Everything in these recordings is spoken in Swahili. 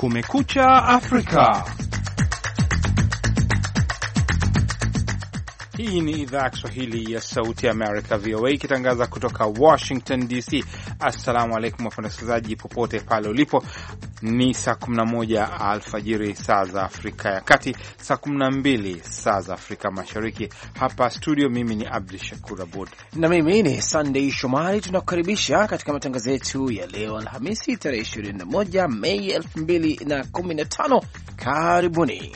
Kumekucha Afrika. Hii ni idhaa ya Kiswahili ya Sauti ya Amerika, VOA, ikitangaza kutoka Washington DC. Assalamu alaikum wafandaskizaji, popote pale ulipo ni saa 11 alfajiri saa za Afrika ya Kati, saa 12 saa za Afrika Mashariki. Hapa studio, mimi ni Abdu Shakur Abud na mimi ni Sandei Shomari. Tunakukaribisha katika matangazo yetu ya leo Alhamisi, tarehe 21 Mei 2015. Karibuni.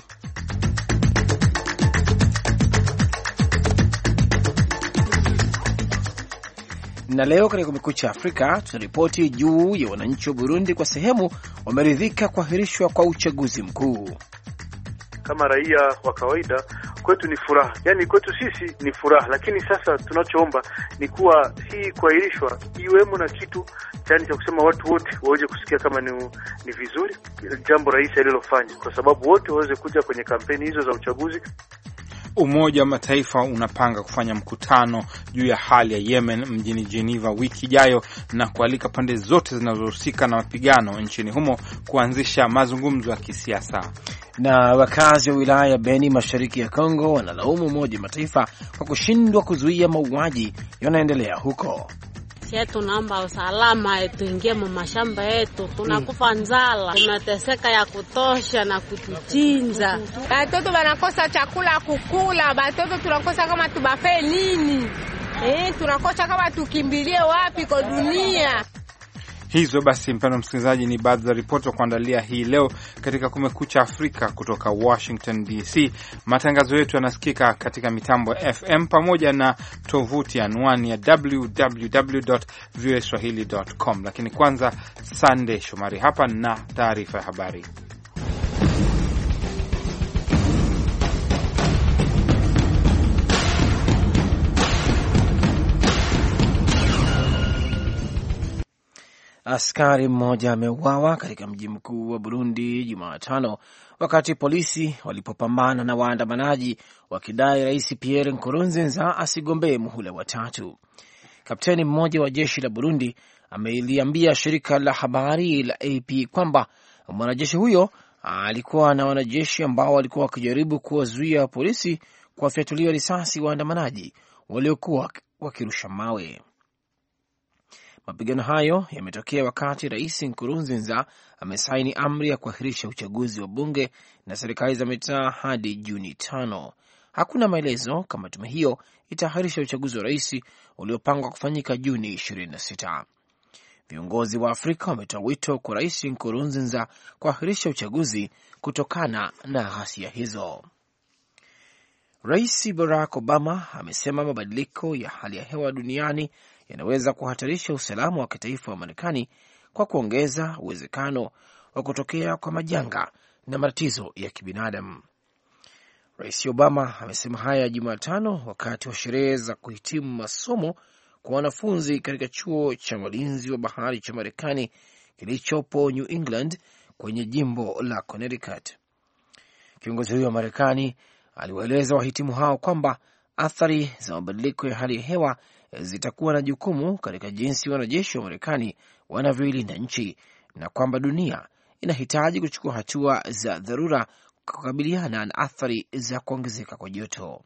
Na leo katika Kumekucha Afrika tunaripoti juu ya wananchi wa Burundi kwa sehemu wameridhika kuahirishwa kwa uchaguzi mkuu. Kama raia wa kawaida kwetu ni furaha, yaani kwetu sisi ni furaha, lakini sasa tunachoomba ni kuwa hii kuahirishwa iwemo na kitu chani cha kusema watu wote waweze kusikia kama ni, ni vizuri jambo rais alilofanya, kwa sababu wote waweze kuja kwenye kampeni hizo za uchaguzi. Umoja wa Mataifa unapanga kufanya mkutano juu ya hali ya Yemen mjini Geneva wiki ijayo na kualika pande zote zinazohusika na mapigano nchini humo kuanzisha mazungumzo ya kisiasa. Na wakazi wa wilaya ya Beni mashariki ya Kongo wanalaumu Umoja wa Mataifa kwa kushindwa kuzuia mauaji yanayoendelea huko yetu, naomba usalama, tuingie mashamba yetu, tunakufa nzala, tunateseka ya kutosha na kutuchinza, batoto banakosa chakula kukula, batoto tunakosa kama tubafe nini? Eh, tunakosa kama tukimbilie wapi kwa dunia Hizo basi, mpendwa msikilizaji, ni baadhi za ripoti za kuandalia hii leo katika Kumekucha Afrika kutoka Washington DC. Matangazo yetu yanasikika katika mitambo ya FM pamoja na tovuti anwani ya www voa com. Lakini kwanza, sandey Shomari hapa na taarifa ya habari. Askari mmoja ameuawa katika mji mkuu wa Burundi Jumatano wakati polisi walipopambana na waandamanaji wakidai Rais Pierre Nkurunziza asigombee muhula wa tatu. Kapteni mmoja wa jeshi la Burundi ameliambia shirika la habari la AP kwamba mwanajeshi huyo alikuwa na wanajeshi ambao walikuwa wakijaribu kuwazuia polisi kuwafyatulia risasi waandamanaji waliokuwa wakirusha mawe. Mapigano hayo yametokea wakati Rais Nkurunziza amesaini amri ya kuahirisha uchaguzi wa bunge na serikali za mitaa hadi Juni tano. Hakuna maelezo kama tume hiyo itaahirisha uchaguzi wa rais uliopangwa kufanyika Juni 26. Viongozi wa Afrika wametoa wito kwa Rais Nkurunziza kuahirisha uchaguzi kutokana na ghasia hizo. Rais Barack Obama amesema mabadiliko ya hali ya hewa duniani yanaweza kuhatarisha usalama wa kitaifa wa Marekani kwa kuongeza uwezekano wa kutokea kwa majanga na matatizo ya kibinadamu. Rais Obama amesema haya Jumatano wakati wa sherehe za kuhitimu masomo kwa wanafunzi katika chuo cha walinzi wa bahari cha Marekani kilichopo New England kwenye jimbo la Connecticut. Kiongozi huyo wa Marekani aliwaeleza wahitimu hao kwamba athari za mabadiliko ya hali ya hewa zitakuwa na jukumu katika jinsi wanajeshi wa Marekani wanavyoilinda nchi na kwamba dunia inahitaji kuchukua hatua za dharura kukabiliana na athari za kuongezeka kwa joto.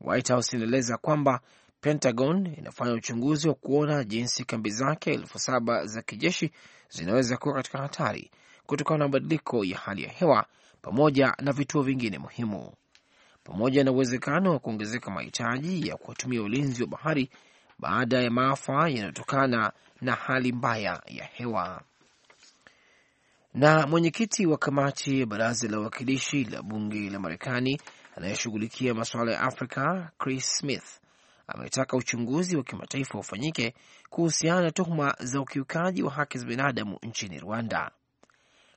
White House inaeleza kwamba Pentagon inafanya uchunguzi wa kuona jinsi kambi zake elfu saba za kijeshi zinaweza kuwa katika hatari kutokana na mabadiliko ya hali ya hewa pamoja na vituo vingine muhimu pamoja na uwezekano wa kuongezeka mahitaji ya kuwatumia ulinzi wa bahari baada ya maafa yanayotokana na hali mbaya ya hewa. Na mwenyekiti wa kamati ya baraza la wawakilishi la bunge la Marekani anayeshughulikia masuala ya Afrika Chris Smith ametaka uchunguzi wa kimataifa ufanyike kuhusiana na tuhuma za ukiukaji wa haki za binadamu nchini Rwanda.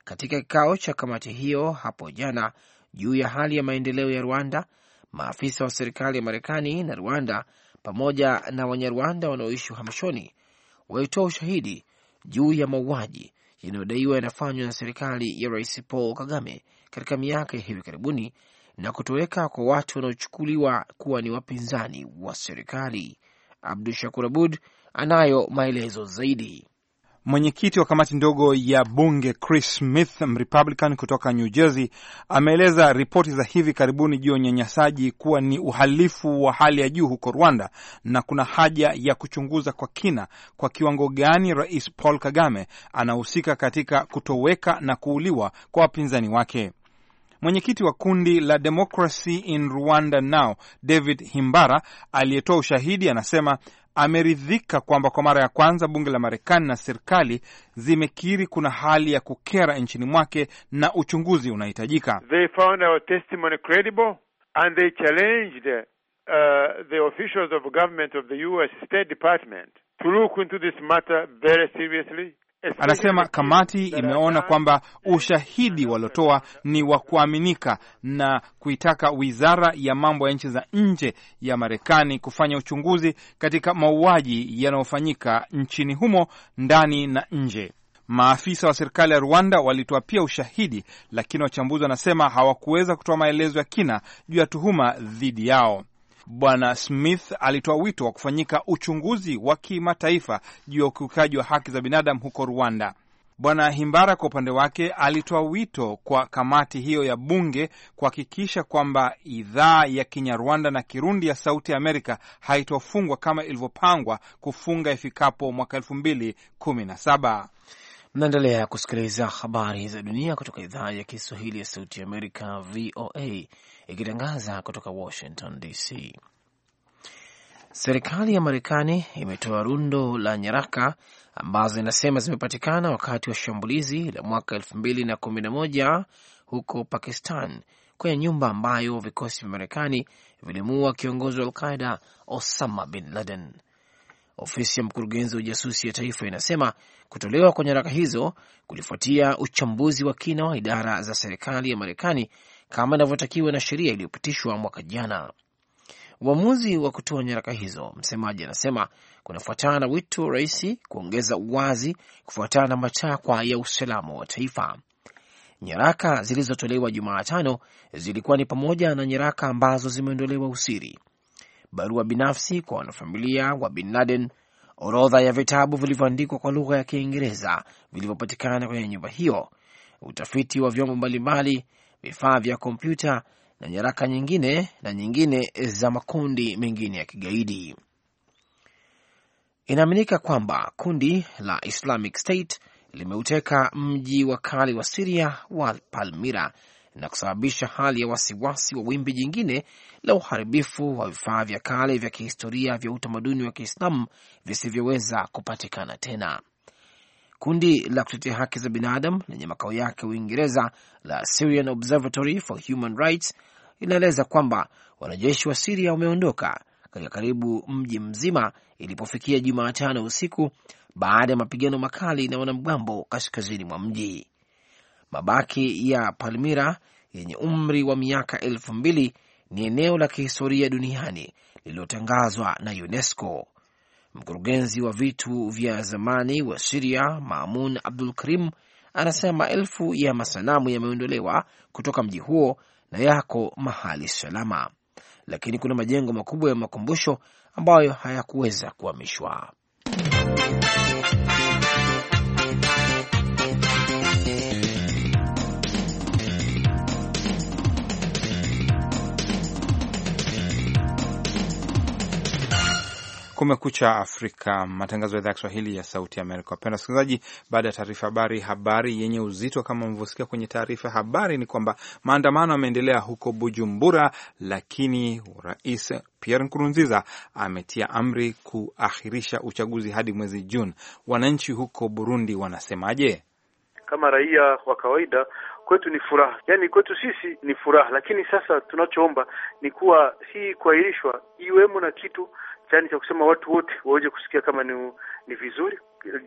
Katika kikao cha kamati hiyo hapo jana, juu ya hali ya maendeleo ya Rwanda, maafisa wa serikali ya Marekani na Rwanda pamoja na Wanyarwanda wanaoishi uhamishoni walitoa ushahidi juu ya mauaji yanayodaiwa yanafanywa na serikali ya Rais Paul Kagame katika miaka ya hivi karibuni na kutoweka kwa watu wanaochukuliwa kuwa ni wapinzani wa serikali. Abdu Shakur Abud anayo maelezo zaidi. Mwenyekiti wa kamati ndogo ya bunge Chris Smith, Mrepublican kutoka New Jersey, ameeleza ripoti za hivi karibuni juu ya unyanyasaji kuwa ni uhalifu wa hali ya juu huko Rwanda na kuna haja ya kuchunguza kwa kina kwa kiwango gani Rais Paul Kagame anahusika katika kutoweka na kuuliwa kwa wapinzani wake. Mwenyekiti wa kundi la Democracy in Rwanda Now, David Himbara, aliyetoa ushahidi anasema ameridhika kwamba kwa mara ya kwanza bunge la Marekani na serikali zimekiri kuna hali ya kukera nchini mwake na uchunguzi unahitajika. They found our testimony credible and they challenged uh, the officials of government of the US State Department to look into this matter very seriously Anasema kamati imeona kwamba ushahidi waliotoa ni wa kuaminika na kuitaka wizara ya mambo ya nchi za nje ya Marekani kufanya uchunguzi katika mauaji yanayofanyika nchini humo ndani na nje. Maafisa wa serikali ya Rwanda walitoa pia ushahidi, lakini wachambuzi wanasema hawakuweza kutoa maelezo ya kina juu ya tuhuma dhidi yao. Bwana Smith alitoa wito wa kufanyika uchunguzi wa kimataifa juu ya ukiukaji wa haki za binadamu huko Rwanda. Bwana Himbara kwa upande wake alitoa wito kwa kamati hiyo ya bunge kuhakikisha kwamba idhaa ya Kinyarwanda na Kirundi ya Sauti Amerika haitofungwa kama ilivyopangwa kufunga ifikapo mwaka elfu mbili kumi na saba. Mnaendelea kusikiliza habari za dunia kutoka idhaa ya Kiswahili ya Sauti ya Amerika, VOA, ikitangaza kutoka Washington DC. Serikali ya Marekani imetoa rundo la nyaraka ambazo inasema zimepatikana wakati wa shambulizi la mwaka elfu mbili na kumi na moja huko Pakistan, kwenye nyumba ambayo vikosi vya Marekani vilimuua kiongozi wa Alqaida Osama bin Laden. Ofisi ya mkurugenzi wa ujasusi ya taifa inasema kutolewa kwa nyaraka hizo kulifuatia uchambuzi wa kina wa idara za serikali ya Marekani kama inavyotakiwa na sheria iliyopitishwa mwaka jana. Uamuzi wa kutoa nyaraka hizo, msemaji anasema, kunafuatana na wito wa rais kuongeza uwazi kufuatana na matakwa ya usalama wa taifa. Nyaraka zilizotolewa Jumatano zilikuwa ni pamoja na nyaraka ambazo zimeondolewa usiri barua binafsi kwa wanafamilia wa bin Laden, orodha ya vitabu vilivyoandikwa kwa lugha ya Kiingereza vilivyopatikana kwenye nyumba hiyo, utafiti wa vyombo mbalimbali, vifaa vya kompyuta na nyaraka nyingine na nyingine za makundi mengine ya kigaidi. Inaaminika kwamba kundi la Islamic State limeuteka mji wa kale wa Siria wa Palmira na kusababisha hali ya wasiwasi wa wimbi jingine la uharibifu wa vifaa vya kale vya kihistoria vya utamaduni wa Kiislamu visivyoweza kupatikana tena. Kundi la kutetea haki za binadamu lenye makao yake Uingereza la Syrian Observatory for Human Rights linaeleza kwamba wanajeshi wa Siria wameondoka katika karibu mji mzima ilipofikia Jumatano usiku baada ya mapigano makali na wanamgambo kaskazini mwa mji. Mabaki ya Palmira yenye umri wa miaka elfu mbili ni eneo la kihistoria duniani lililotangazwa na UNESCO. Mkurugenzi wa vitu vya zamani wa Siria mamun Abdul Karim anasema maelfu ya masanamu yameondolewa kutoka mji huo na yako mahali salama, lakini kuna majengo makubwa ya makumbusho ambayo hayakuweza kuhamishwa. Kumekucha Afrika, matangazo ya idhaa ya Kiswahili ya Sauti Amerika. Wapenda wasikilizaji, baada ya taarifa habari, habari yenye uzito kama mlivyosikia kwenye taarifa ya habari ni kwamba maandamano yameendelea huko Bujumbura, lakini Rais Pierre Nkurunziza ametia amri kuahirisha uchaguzi hadi mwezi Juni. Wananchi huko Burundi wanasemaje? Kama raia wa kawaida kwetu ni furaha, yaani kwetu sisi ni furaha, lakini sasa tunachoomba ni kuwa hii kuahirishwa iwemo na kitu chani cha kusema watu wote waweze kusikia kama ni, ni vizuri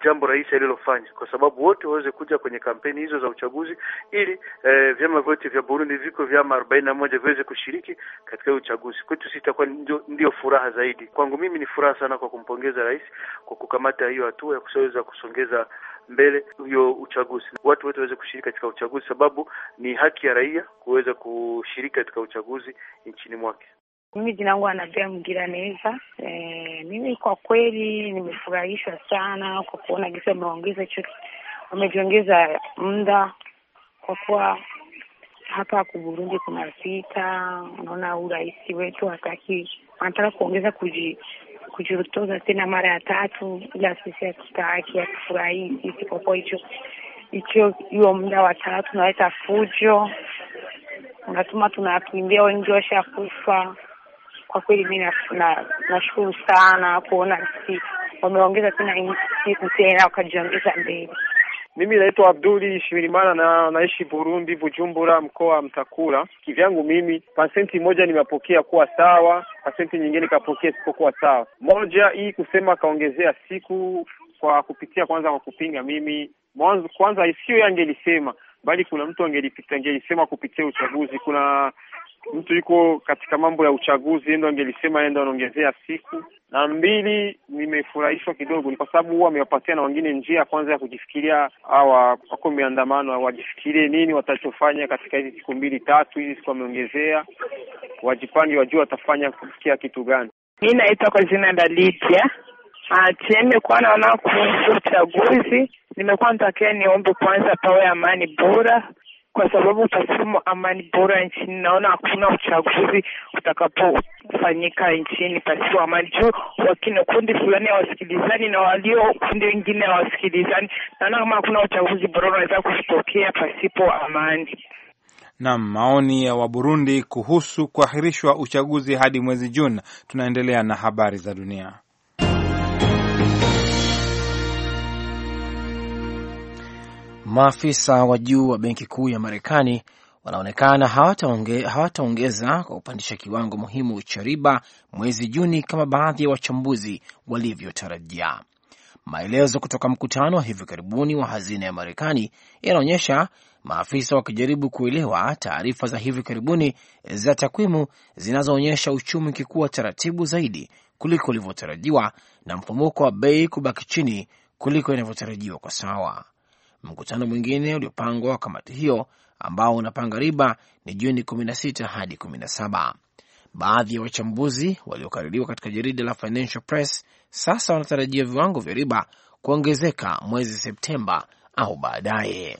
jambo rais alilofanya, kwa sababu wote waweze kuja kwenye kampeni hizo za uchaguzi ili eh, vyama vyote vya Burundi viko vyama arobaini na moja viweze kushiriki katika uchaguzi. Kwetu sisi itakuwa ndio, ndio furaha zaidi. Kwangu mimi ni furaha sana kwa kumpongeza rais kwa kukamata hiyo hatua ya kusaweza kusongeza mbele huyo uchaguzi, watu wote waweze kushiriki katika uchaguzi, sababu ni haki ya raia kuweza kushiriki katika uchaguzi nchini mwake. Mimi jina langu Anabea Mgira Neza. E, mimi kwa kweli nimefurahishwa sana kwa kuona jinsi wameongeza chuo, wamejiongeza muda kwa kuwa hapa Burundi kuna vita, unaona urahisi wetu hataki, wanataka kuongeza kuji kujitoza tena mara ya tatu, ila sisi hatutaki, hatufurahii sisi kwa kuwa hicho hicho hiyo muda wa tatu unaleta fujo, unatuma tunakimbia, wengi washakufa. Kwa kweli mi nashukuru na sana kuona si wameongeza tena siku tena wakajiongeza mbele. Mimi naitwa Abduli Shimirimana na naishi Burundi, Bujumbura, mkoa wa Mtakura. Kivyangu mimi pasenti moja nimepokea kuwa sawa, pasenti nyingine nikapokea sikokuwa sawa. Moja hii kusema kaongezea siku kwa kupitia kwanza kwa kupinga mimi mwanzo, kwanza sio yangelisema bali kuna mtu angelisema kupitia uchaguzi. Kuna mtu yuko katika mambo ya uchaguzi, yeye ndo angelisema, ndo anaongezea siku. Na mbili, nimefurahishwa kidogo ni kwa sababu huwa amewapatia na wengine njia ya kwanza ya kujifikiria, hawa wako miandamano, wajifikirie nini watachofanya katika hizi siku mbili tatu hizi siku ameongezea wajipange, wajua watafanya kufikia kitu gani. Mi naitwa kwa jina la Lidia. Acheme kuona wanaokuhusu uchaguzi, nimekuwa mtakia niombe kwanza pawe amani bora kwa sababu pasimo amani bora nchini, naona hakuna uchaguzi utakapofanyika nchini pasipo amani, juu wakina kundi fulani hawasikilizani na walio kundi wengine hawasikilizani. Naona kama hakuna uchaguzi bora unaweza kutokea pasipo amani. Na maoni ya Waburundi kuhusu kuahirishwa uchaguzi hadi mwezi Juni. Tunaendelea na habari za dunia. Maafisa wa juu wa benki kuu ya Marekani wanaonekana hawataongeza hawata kwa kupandisha kiwango muhimu cha riba mwezi Juni kama baadhi ya wa wachambuzi walivyotarajia. Maelezo kutoka mkutano wa hivi karibuni wa hazina ya Marekani yanaonyesha maafisa wakijaribu kuelewa taarifa za hivi karibuni za takwimu zinazoonyesha uchumi ukikuwa taratibu zaidi kuliko ulivyotarajiwa na mfumuko wa bei kubaki chini kuliko inavyotarajiwa kwa sawa. Mkutano mwingine uliopangwa wa kamati hiyo ambao unapanga riba ni Juni 16 hadi 17. Baadhi ya wachambuzi waliokaririwa katika jarida la Financial Press sasa wanatarajia viwango vya riba kuongezeka mwezi Septemba au baadaye.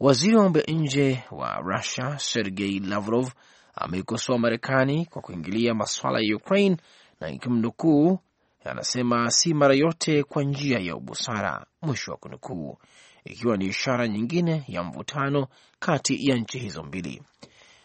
Waziri wa mambo ya nje wa Russia Sergei Lavrov ameikosoa Marekani kwa kuingilia masuala ya Ukraine na ikimnukuu anasema si mara yote kwa njia ya ubusara, mwisho wa kunukuu, ikiwa ni ishara nyingine ya mvutano kati ya nchi hizo mbili.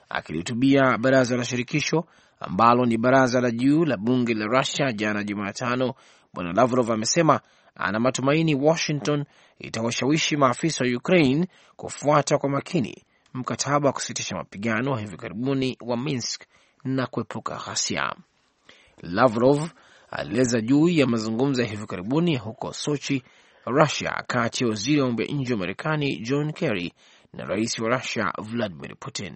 Akilihutubia baraza la shirikisho ambalo ni baraza la juu la bunge la Rusia jana Jumatano, bwana Lavrov amesema ana matumaini Washington itawashawishi maafisa wa Ukraine kufuata kwa makini mkataba wa kusitisha mapigano wa hivi karibuni wa Minsk na kuepuka ghasia. Lavrov alieleza juu ya mazungumzo ya hivi karibuni huko Sochi, Rusia, kati ya waziri wa mambo ya nje wa Marekani John Kerry na rais wa Rusia Vladimir Putin.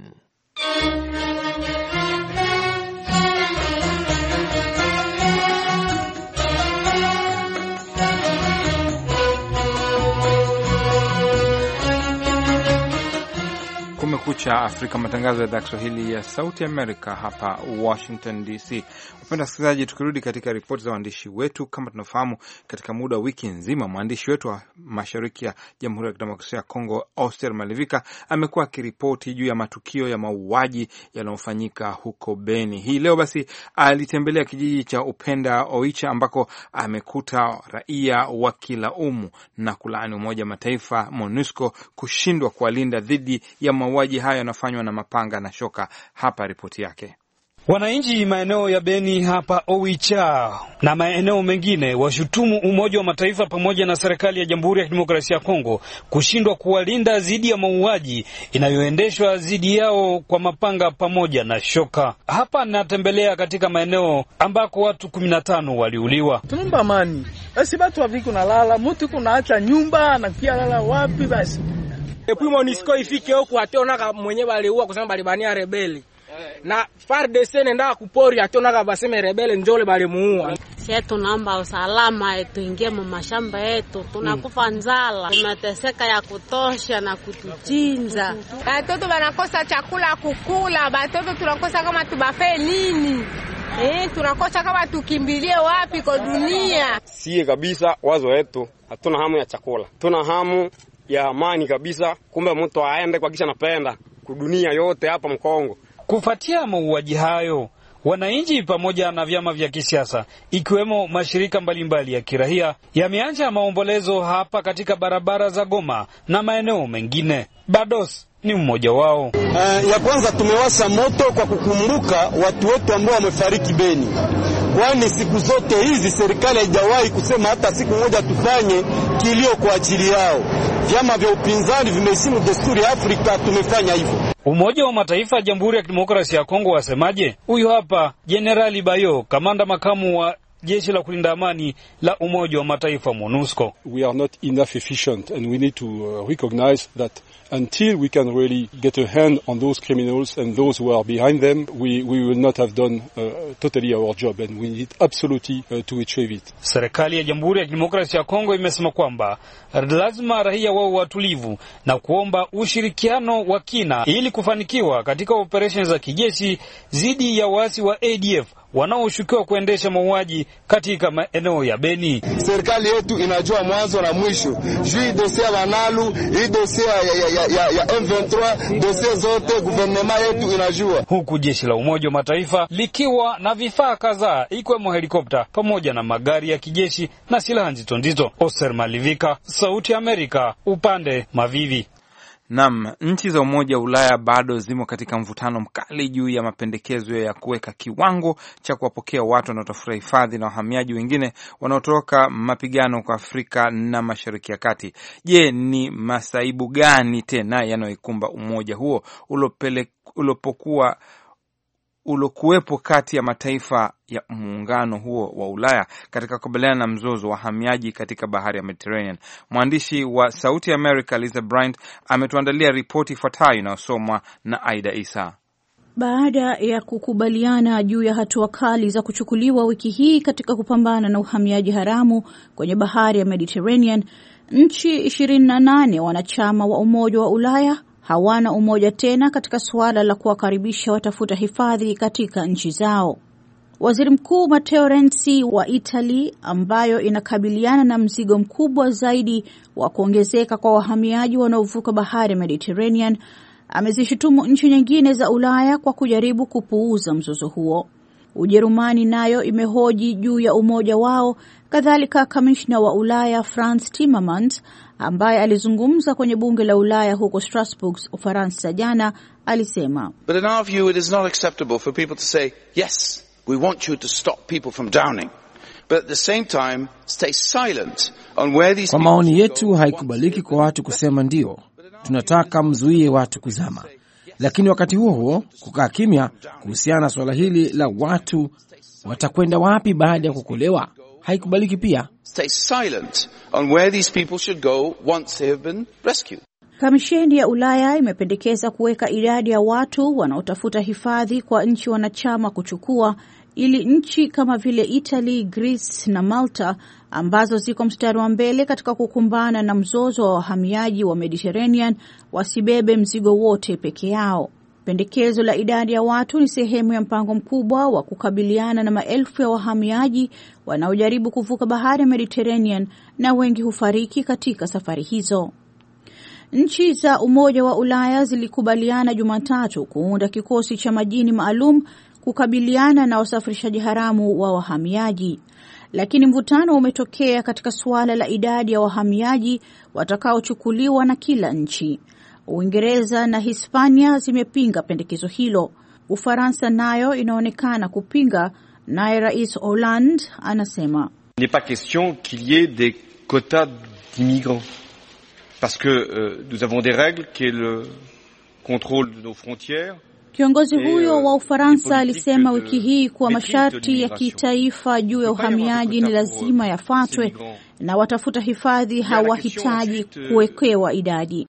Kumekucha Afrika, matangazo ya idhaa Kiswahili ya Sauti Amerika hapa Washington DC. Upenda wasikilizaji, tukirudi katika ripoti za waandishi wetu, kama tunafahamu, katika muda wa wiki nzima mwandishi wetu wa mashariki ya Jamhuri ya Kidemokrasia ya Kongo, Auster Malivika, amekuwa akiripoti juu ya matukio ya mauaji yanayofanyika huko Beni. Hii leo basi alitembelea kijiji cha Upenda Oicha ambako amekuta raia wakilaumu na kulaani Umoja Mataifa MONUSCO kushindwa kuwalinda dhidi ya mauaji mauaji hayo yanafanywa na mapanga na shoka. Hapa ripoti yake. Wananchi maeneo ya Beni hapa Oicha na maeneo mengine washutumu Umoja wa Mataifa pamoja na serikali ya Jamhuri ya Kidemokrasia ya Kongo kushindwa kuwalinda dhidi ya mauaji inayoendeshwa dhidi yao kwa mapanga pamoja na shoka. Hapa natembelea katika maeneo ambako watu kumi na tano waliuliwa. Tumba amani basi, batu aviko nalala mutu kunaacha nyumba na pia lala wapi basi Depuis Monisco ifike huko ationaka mwenye baliua kusema balibania rebeli na FARDC nenda kupori ationaka baseme rebele njole balimuua. Sie tunaomba usalama, tuingie mu mashamba yetu, mm. tunakufa njala, tunateseka ya kutosha na kutuchinja. Batoto banakosa chakula kukula, batoto tunakosa kama tubafe nini? Eh, tunakosa kama tukimbilie wapi kwa dunia. Sie kabisa, wazo yetu hatuna hamu ya chakula, tuna hamu ya amani kabisa. Kumbe mtu aende kwa kisha napenda kudunia yote hapa Mkongo. Kufuatia mauaji hayo, wananchi pamoja na vyama vya kisiasa ikiwemo mashirika mbalimbali mbali ya kirahia yameanza maombolezo hapa katika barabara za Goma na maeneo mengine. Bados ni mmoja wao. Uh, ya kwanza tumewasha moto kwa kukumbuka watu wetu ambao wamefariki Beni kwani siku zote hizi serikali haijawahi kusema hata siku moja tufanye kilio kwa ajili yao. Vyama vya upinzani vimeheshimu desturi ya Afrika, tumefanya hivyo. Umoja wa Mataifa ya Jamhuri ya Kidemokrasia ya Kongo wasemaje? Huyu hapa Jenerali Bayo, kamanda makamu wa jeshi la kulinda amani la Umoja wa Mataifa MONUSCO. We are not enough efficient and we need to uh, recognize that until we can really get a hand on those criminals and those who are behind them we, we will not have done uh, totally our job and we need absolutely uh, to achieve it. Serikali ya Jamhuri ya Kidemokrasia ya Kongo imesema kwamba lazima raia wao watulivu na kuomba ushirikiano wa kina ili kufanikiwa katika operesheni za kijeshi dhidi ya waasi wa ADF wanaoshukiwa kuendesha mauaji katika maeneo ya Beni. Serikali yetu inajua mwanzo na mwisho juu hii dosie ya Banalu, hii dosie ya, ya, ya, ya M23, dosie zote guvernema yetu inajua, huku jeshi la Umoja wa Mataifa likiwa na vifaa kadhaa ikiwemo helikopta pamoja na magari ya kijeshi na silaha nzito nzito. Oser Malivika, Sauti ya Amerika, upande Mavivi nam nchi za Umoja wa Ulaya bado zimo katika mvutano mkali juu ya mapendekezo ya kuweka kiwango cha kuwapokea watu wanaotafuta hifadhi na wahamiaji wengine wanaotoroka mapigano kwa Afrika na Mashariki ya Kati. Je, ni masaibu gani tena yanayoikumba umoja huo ulopokuwa uliokuwepo kati ya mataifa ya muungano huo wa Ulaya katika kukabiliana na mzozo wa wahamiaji katika bahari ya Mediterranean. Mwandishi wa Sauti ya America Lisa Bryant ametuandalia ripoti ifuatayo inayosomwa na Aida Isa. Baada ya kukubaliana juu ya hatua kali za kuchukuliwa wiki hii katika kupambana na uhamiaji haramu kwenye bahari ya Mediterranean, nchi 28 wanachama wa Umoja wa Ulaya hawana umoja tena katika suala la kuwakaribisha watafuta hifadhi katika nchi zao. Waziri Mkuu Matteo Renzi wa Italy, ambayo inakabiliana na mzigo mkubwa zaidi wa kuongezeka kwa wahamiaji wanaovuka bahari Mediterranean, amezishutumu nchi nyingine za Ulaya kwa kujaribu kupuuza mzozo huo. Ujerumani nayo imehoji juu ya umoja wao Kadhalika, kamishna wa Ulaya franc Timmermans ambaye alizungumza kwenye bunge la Ulaya huko Strasbourg, Ufaransa jana alisema, But in our view it is not acceptable for people to say yes we want you to stop people from drowning but at the same time stay silent on where these. Kwa maoni yetu, haikubaliki kwa watu kusema ndiyo, tunataka mzuie watu kuzama, lakini wakati huo huo kukaa kimya kuhusiana na suala hili la watu watakwenda wapi baada ya kukolewa haikubaliki pia. Stay silent on where these people should go once they have been rescued. Kamisheni ya Ulaya imependekeza kuweka idadi ya watu wanaotafuta hifadhi kwa nchi wanachama kuchukua ili nchi kama vile Italy, Greece na Malta ambazo ziko mstari wa mbele katika kukumbana na mzozo wa wahamiaji wa Mediterranean wasibebe mzigo wote peke yao. Pendekezo la idadi ya watu ni sehemu ya mpango mkubwa wa kukabiliana na maelfu ya wahamiaji wanaojaribu kuvuka bahari ya Mediterranean na wengi hufariki katika safari hizo. Nchi za Umoja wa Ulaya zilikubaliana Jumatatu kuunda kikosi cha majini maalum kukabiliana na wasafirishaji haramu wa wahamiaji, lakini mvutano umetokea katika suala la idadi ya wahamiaji watakaochukuliwa na kila nchi. Uingereza na Hispania zimepinga pendekezo hilo. Ufaransa nayo inaonekana kupinga, naye Rais Hollande anasema n'est pas question qu'il y ait des quotas d'immigrants parce que euh, nous avons des qui est le contrôle de nos frontières Kiongozi huyo euh, wa Ufaransa alisema wiki hii kuwa masharti ya kitaifa juu ya uhamiaji ni lazima euh, yafuatwe na watafuta hifadhi hawahitaji kuwekewa idadi.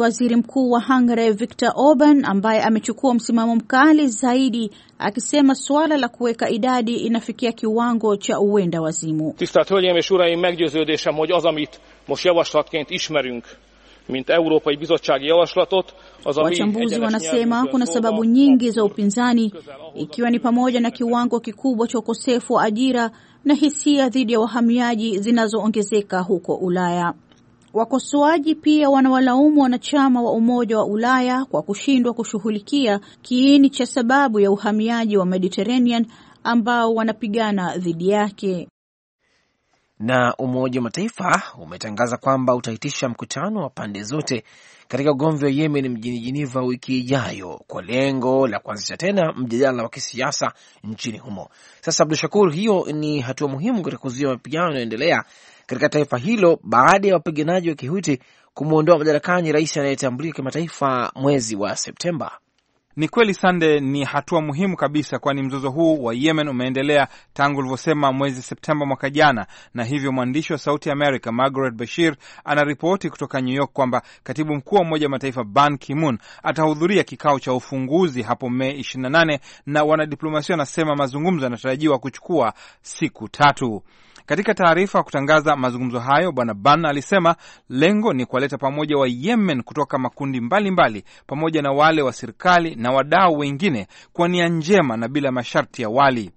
Waziri Mkuu wa Hungary Viktor Orban ambaye amechukua msimamo mkali zaidi akisema suala la kuweka idadi inafikia kiwango cha uenda wazimu. Tisztelt Hölgyeim és Uraim, meggyőződésem, hogy az, amit most javaslatként ismerünk, mint Európai Bizottsági Javaslatot, az a Wachambuzi wanasema kuna sababu nyingi za upinzani ikiwa ni pamoja na kiwango kikubwa cha ukosefu wa ajira na hisia dhidi ya wahamiaji zinazoongezeka huko Ulaya. Wakosoaji pia wanawalaumu wanachama wa Umoja wa Ulaya kwa kushindwa kushughulikia kiini cha sababu ya uhamiaji wa Mediterranean ambao wanapigana dhidi yake. Na Umoja wa Mataifa umetangaza kwamba utaitisha mkutano wa pande zote katika ugomvi wa Yemen mjini Jiniva wiki ijayo kwa lengo la kuanzisha tena mjadala wa kisiasa nchini humo. Sasa Abdu Shakur, hiyo ni hatua muhimu katika kuzuia mapigano yanayoendelea katika taifa hilo baada ya wapiganaji wa kihuti kumwondoa madarakani rais anayetambulika kimataifa mwezi wa Septemba. Ni kweli Sande, ni hatua muhimu kabisa, kwani mzozo huu wa Yemen umeendelea tangu ulivyosema mwezi Septemba mwaka jana, na hivyo mwandishi wa Sauti ya Margaret Bashir anaripoti kutoka New York kwamba katibu mkuu wa Umoja wa Mataifa Ban Ki-moon atahudhuria kikao cha ufunguzi hapo Mei 28 na wanadiplomasia wanasema mazungumzo yanatarajiwa kuchukua siku tatu. Katika taarifa ya kutangaza mazungumzo hayo, Bwana Ban alisema lengo ni kuwaleta pamoja wa Yemen kutoka makundi mbalimbali mbali, pamoja na wale wa serikali na wadau wengine kwa nia njema na bila masharti ya awali.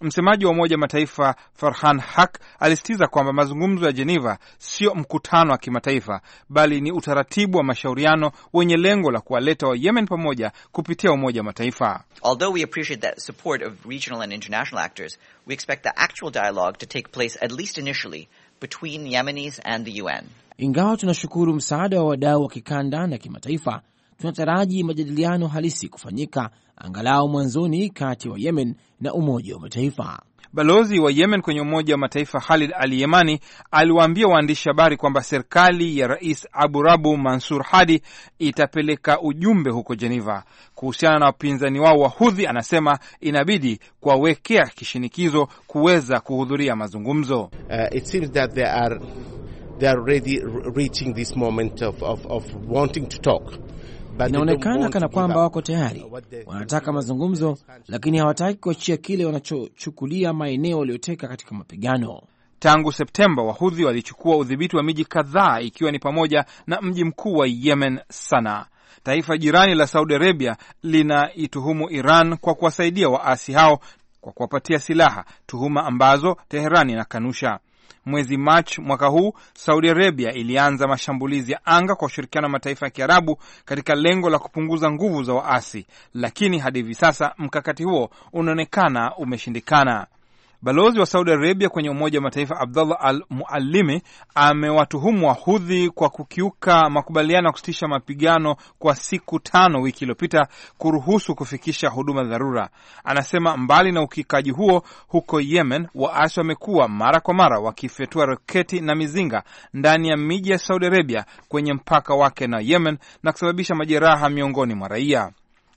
Msemaji wa Umoja Mataifa Farhan Haq alisitiza kwamba mazungumzo ya Jeneva sio mkutano wa kimataifa, bali ni utaratibu wa mashauriano wenye lengo la kuwaleta wa yemen pamoja kupitia Umoja Mataifa. Although we appreciate the support of regional and international actors, we expect the actual dialogue to take place at least initially between Yemenis and the UN. Ingawa tunashukuru msaada wa wadau wa kikanda na kimataifa tunataraji majadiliano halisi kufanyika angalau mwanzoni kati wa Yemen na Umoja wa Mataifa. Balozi wa Yemen kwenye Umoja wa Mataifa Khalid Al Yemani aliwaambia waandishi habari kwamba serikali ya Rais Aburabu Mansur Hadi itapeleka ujumbe huko Jeneva. Kuhusiana na wapinzani wao wa Hudhi, anasema inabidi kuwawekea kishinikizo kuweza kuhudhuria mazungumzo. Uh, it seems that they are, they are already reaching this moment of, of, of wanting to talk Inaonekana kana kwamba wako tayari, wanataka mazungumzo, lakini hawataki kuachia kile wanachochukulia maeneo waliyoteka katika mapigano. Tangu Septemba, Wahudhi walichukua udhibiti wa miji kadhaa, ikiwa ni pamoja na mji mkuu wa Yemen, Sanaa. Taifa jirani la Saudi Arabia linaituhumu Iran kwa kuwasaidia waasi hao kwa kuwapatia silaha, tuhuma ambazo Teherani inakanusha. Mwezi Machi mwaka huu, Saudi Arabia ilianza mashambulizi ya anga kwa ushirikiano wa mataifa ya Kiarabu katika lengo la kupunguza nguvu za waasi, lakini hadi hivi sasa mkakati huo unaonekana umeshindikana. Balozi wa Saudi Arabia kwenye Umoja wa Mataifa Abdullah Al Mualimi amewatuhumu Wahudhi kwa kukiuka makubaliano ya kusitisha mapigano kwa siku tano wiki iliyopita kuruhusu kufikisha huduma dharura. Anasema mbali na ukikaji huo huko Yemen, waasi wamekuwa mara kwa mara wakifyatua roketi na mizinga ndani ya miji ya Saudi Arabia kwenye mpaka wake na Yemen na kusababisha majeraha miongoni mwa raia.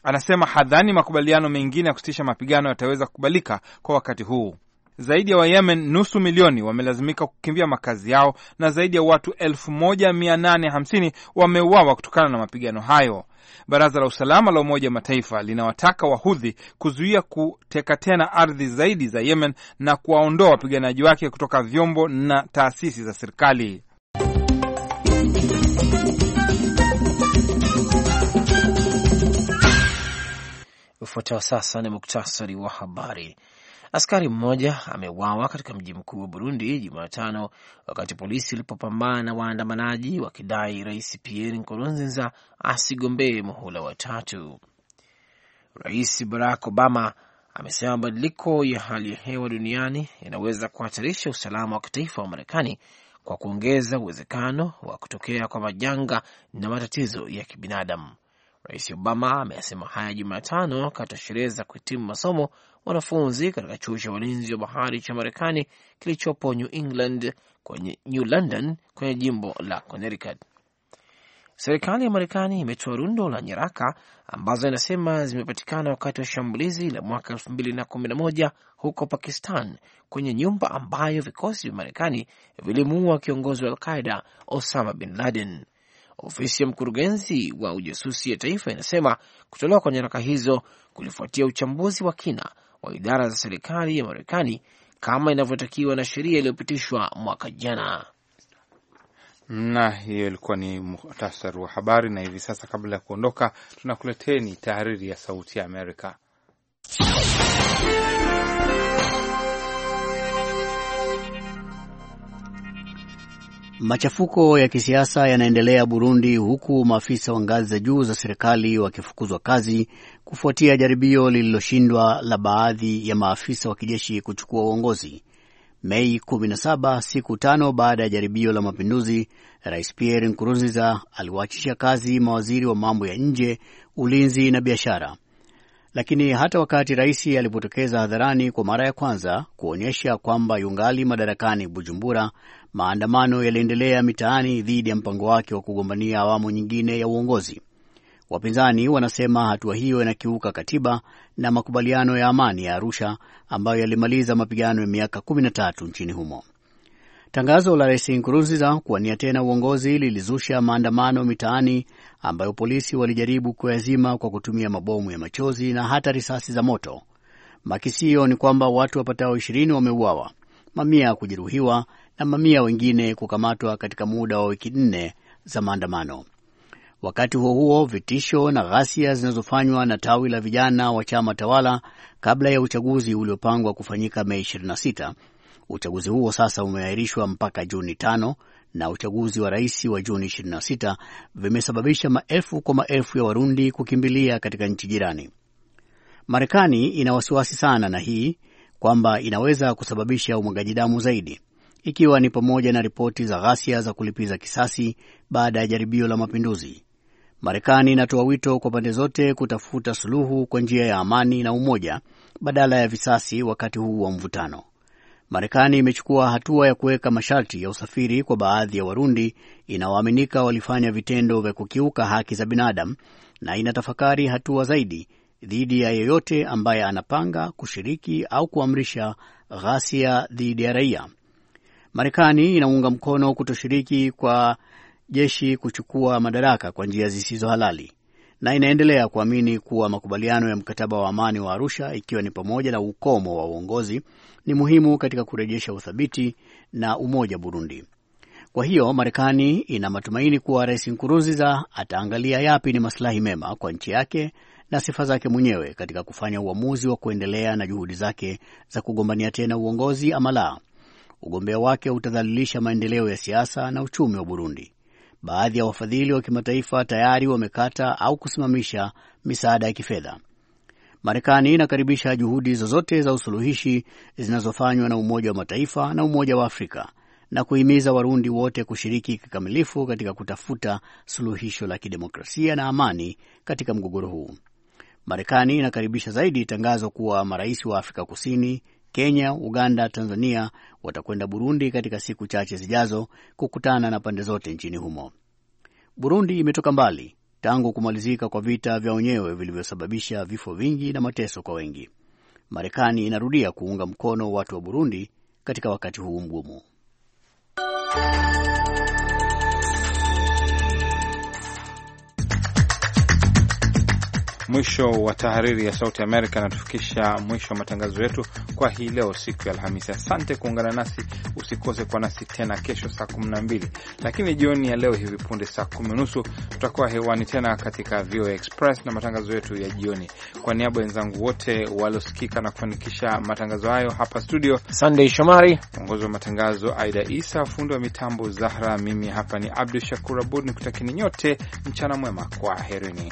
Anasema hadhani makubaliano mengine ya kusitisha mapigano yataweza kukubalika kwa wakati huu. Zaidi ya Wayemen nusu milioni wamelazimika kukimbia makazi yao na zaidi ya watu 1850 wameuawa kutokana na mapigano hayo. Baraza la Usalama la Umoja wa Mataifa linawataka Wahudhi kuzuia kuteka tena ardhi zaidi za Yemen na kuwaondoa wapiganaji wake kutoka vyombo na taasisi za serikali. Ufuatao sasa ni muktasari wa habari. Askari mmoja ameuawa katika mji mkuu wa Burundi Jumatano wakati polisi walipopambana na waandamanaji wakidai Rais Pierre Nkurunziza asigombee muhula wa tatu. Rais Barack Obama amesema mabadiliko ya hali ya hewa duniani yanaweza kuhatarisha usalama wa kitaifa wa Marekani kwa kuongeza uwezekano wa kutokea kwa majanga na matatizo ya kibinadamu. Rais Obama ameyasema haya Jumatano wa sherehe za kuhitimu masomo wanafunzi katika chuo cha walinzi wa bahari cha Marekani kilichopo New England kwenye New London kwenye jimbo la Connecticut. Serikali ya Marekani imetoa rundo la nyaraka ambazo inasema zimepatikana wakati wa shambulizi la mwaka elfu mbili na kumi na moja huko Pakistan, kwenye nyumba ambayo vikosi vya Marekani vilimuua kiongozi wa Alqaida Osama bin Laden. Ofisi ya mkurugenzi wa ujasusi ya taifa inasema kutolewa kwa nyaraka hizo kulifuatia uchambuzi wa kina wa idara za serikali ya Marekani kama inavyotakiwa na sheria iliyopitishwa mwaka jana. Na hiyo ilikuwa ni muhtasari wa habari, na hivi sasa, kabla ya kuondoka, tunakuleteni tahariri ya Sauti ya Amerika. Machafuko ya kisiasa yanaendelea Burundi, huku maafisa wa ngazi za juu za serikali wakifukuzwa kazi kufuatia jaribio lililoshindwa la baadhi ya maafisa wa kijeshi kuchukua uongozi. Mei 17, siku tano baada ya jaribio la mapinduzi, Rais Pierre Nkurunziza aliwaachisha kazi mawaziri wa mambo ya nje, ulinzi na biashara. Lakini hata wakati rais alipotokeza hadharani kwa mara ya kwanza kuonyesha kwamba yungali madarakani Bujumbura, Maandamano yaliendelea mitaani dhidi ya mpango wake wa kugombania awamu nyingine ya uongozi. Wapinzani wanasema hatua hiyo inakiuka katiba na makubaliano ya amani ya Arusha ambayo yalimaliza mapigano ya miaka 13 nchini humo. Tangazo la Rais Nkurunziza kuwania tena uongozi lilizusha maandamano mitaani ambayo polisi walijaribu kuyazima kwa kutumia mabomu ya machozi na hata risasi za moto. Makisio ni kwamba watu wapatao ishirini wameuawa, mamia ya kujeruhiwa na mamia wengine kukamatwa katika muda wa wiki nne za maandamano. Wakati huo huo, vitisho na ghasia zinazofanywa na tawi la vijana wa chama tawala kabla ya uchaguzi uliopangwa kufanyika Mei 26. Uchaguzi huo sasa umeahirishwa mpaka Juni tano na uchaguzi wa rais wa Juni 26 vimesababisha maelfu kwa maelfu ya Warundi kukimbilia katika nchi jirani. Marekani ina wasiwasi sana na hii kwamba inaweza kusababisha umwagaji damu zaidi ikiwa ni pamoja na ripoti za ghasia za kulipiza kisasi baada ya jaribio la mapinduzi. Marekani inatoa wito kwa pande zote kutafuta suluhu kwa njia ya amani na umoja badala ya visasi wakati huu wa mvutano. Marekani imechukua hatua ya kuweka masharti ya usafiri kwa baadhi ya Warundi inaoaminika walifanya vitendo vya kukiuka haki za binadamu na inatafakari hatua zaidi dhidi ya yeyote ambaye anapanga kushiriki au kuamrisha ghasia dhidi ya raia, Marekani inaunga mkono kutoshiriki kwa jeshi kuchukua madaraka kwa njia zisizo halali na inaendelea kuamini kuwa makubaliano ya mkataba wa amani wa Arusha, ikiwa ni pamoja na ukomo wa uongozi, ni muhimu katika kurejesha uthabiti na umoja Burundi. Kwa hiyo Marekani ina matumaini kuwa Rais Nkurunziza ataangalia yapi ni masilahi mema kwa nchi yake na sifa zake mwenyewe katika kufanya uamuzi wa kuendelea na juhudi zake za kugombania tena uongozi ama la ugombea wake utadhalilisha maendeleo ya siasa na uchumi wa Burundi. Baadhi ya wafadhili wa kimataifa tayari wamekata au kusimamisha misaada ya kifedha. Marekani inakaribisha juhudi zozote za usuluhishi zinazofanywa na Umoja wa Mataifa na Umoja wa Afrika na kuhimiza Warundi wote kushiriki kikamilifu katika kutafuta suluhisho la kidemokrasia na amani katika mgogoro huu. Marekani inakaribisha zaidi tangazo kuwa marais wa Afrika Kusini, Kenya, Uganda, Tanzania watakwenda Burundi katika siku chache zijazo kukutana na pande zote nchini humo. Burundi imetoka mbali tangu kumalizika kwa vita vya wenyewe vilivyosababisha vifo vingi na mateso kwa wengi. Marekani inarudia kuunga mkono watu wa Burundi katika wakati huu mgumu. Mwisho wa tahariri ya Sauti Amerika anatufikisha mwisho wa matangazo yetu kwa hii leo, siku ya Alhamisi. Asante kuungana nasi, usikose kwa nasi tena kesho saa kumi na mbili, lakini jioni ya leo hivi punde saa kumi nusu tutakuwa hewani tena katika VOA Express na matangazo yetu ya jioni. Kwa niaba ya wenzangu wote waliosikika na kufanikisha matangazo hayo hapa studio, Sandey Shomari mwongozi wa matangazo, Aida Isa fundi wa mitambo, Zahra, mimi hapa ni Abdu Shakur Abud kutakini nyote mchana mwema, kwa herini.